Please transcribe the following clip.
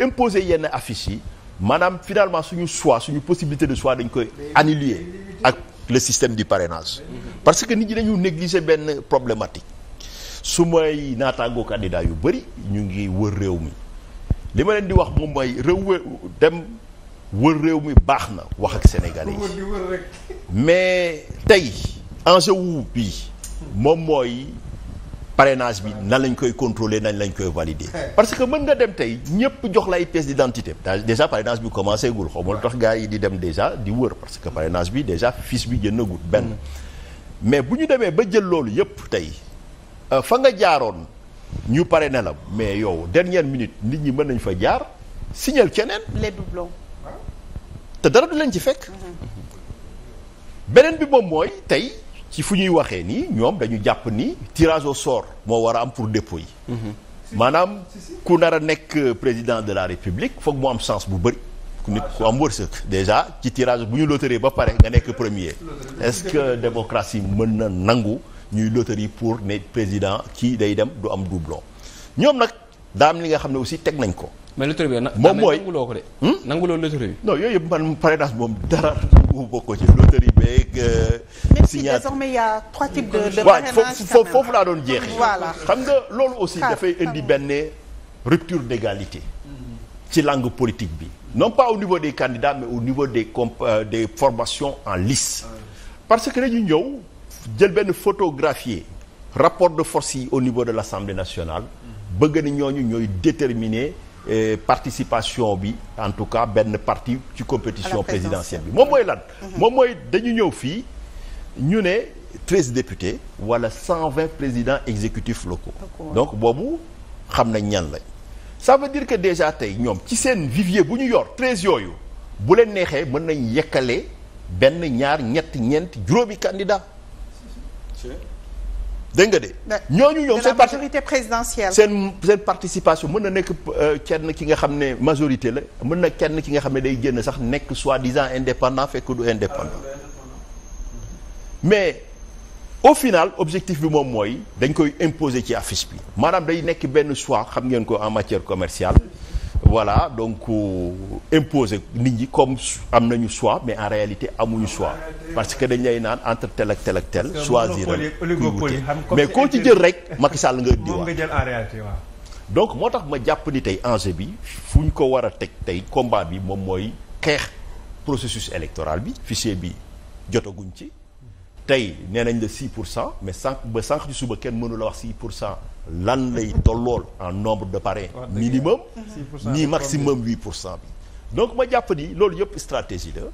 imposer yenn affiche yi maanaam finalement suñu choix suñu possibilité de choix dañ koy annuler ak le système di parrainage parce que nit ñi dañu négliger benn problématique su may naataangoo candidat yu bëri ñu ngi wër réew mi li ma leen di wax moom mooy réew dem wër réew mi baax na wax ak sénégalais yi mais tey enjeu wu bi moom mooy parrainage bi nan lañ koy contrôler nan lañ koy valider. parce que mën nga dem tey ñëpp jox la ay pièces d'identité déjà parrainage bi commencé gul xaw ma lu tax gars yi di dem déjà di wër parce que parrainage bi déjà fiche bi génnagul benn. Mm. mais bu ñu demee ba jël loolu yëpp tey euh, fa nga jaaroon ñu parrainé la mais yow dernière minute nit ñi mën nañ fa jaar signal keneen. les doublons. te dara du leen ci fekk. Mm-hmm. beneen bi moom mooy tey. ci fu ñuy waxee nii ñoom dañu jàpp ni tirage au sort moo war a am pour dépôt yi. maanaam ku nar a nekk président de la république foog mu am chance bu bëri. ku nit ku am wërsëg déjà ci tirage bu ñu loterie ba pare nga nekk premier. est-ce que démocratie mën na nangu ñuy loterie pour ne président kii day dem du am doublon ñoom nag daam li nga xam ne aussi teg nañ ko. mais loterie bi moom mooy nanguloo ko de. Hmm? nanguloo loterie bi. non yooyu yëpp man parrainage moom dara nangu ci loterie beeg. Euh, signature désormais il trois types de de parrainage foofu laa doon jeexee. voilà xam nga loolu aussi dafay indi benn rupture d'égalité ci langue politique bi non pas au niveau des candidats mais au niveau des comp euh, des formations en lice parce que dañu ñëw jël benn photographier rapport de force yi au niveau de l'Assemblée nationale bëgg na ñooñu ñooy déterminer euh, participation bi en tout cas benn parti ci compétition présidentielle bi moom mooy lan mhm. moom mooy dañu ñëw fii ñu ne treize députés wala cent vingt présidents exécutifs locaux donc boobu xam nañ ñan lañ ça veut dire que déjà tey ñoom ci seen vivier bu ñu yor treize yooyu bu leen neexee mën nañ yekkale benn ñaar ñett ñeent juróomi candidat dégg nga de ñu ñoom seen majorité présidentielle seen seen participation mën na nekk euh, kenn ki nga xam ne majorité la mën na kenn ki nga xam ne day génn sax nekk soi-disant indépendant fekk du indépendant ah, mais au final objectif bi moom mooy dañ koy imposer ci affiche bi maanaam day nekk benn choix xam ngeen ko en matière commerciale voilà donc euh, imposer nit ñi comme am nañu choix mais en réalité amuñu choix parce que dañ lay naan entre tel ak tel ak tel choisir mais koo ci jël rek Macky Sall nga diwaat donc moo tax ma jàpp ni tey enjeu bi fu ñu ko war a teg tey combat bi moom mooy xeex processus électoral bi fichier bi jotaguñ ci tey nee nañ la 6 pour cent mais sànq ba sànq ci suba kenn mënula wax 6 pour cent lan lay tollool en nombre de parrains minimum ni maximum 8 pour cent bi donc ma jàpp ni loolu yëpp stratégie la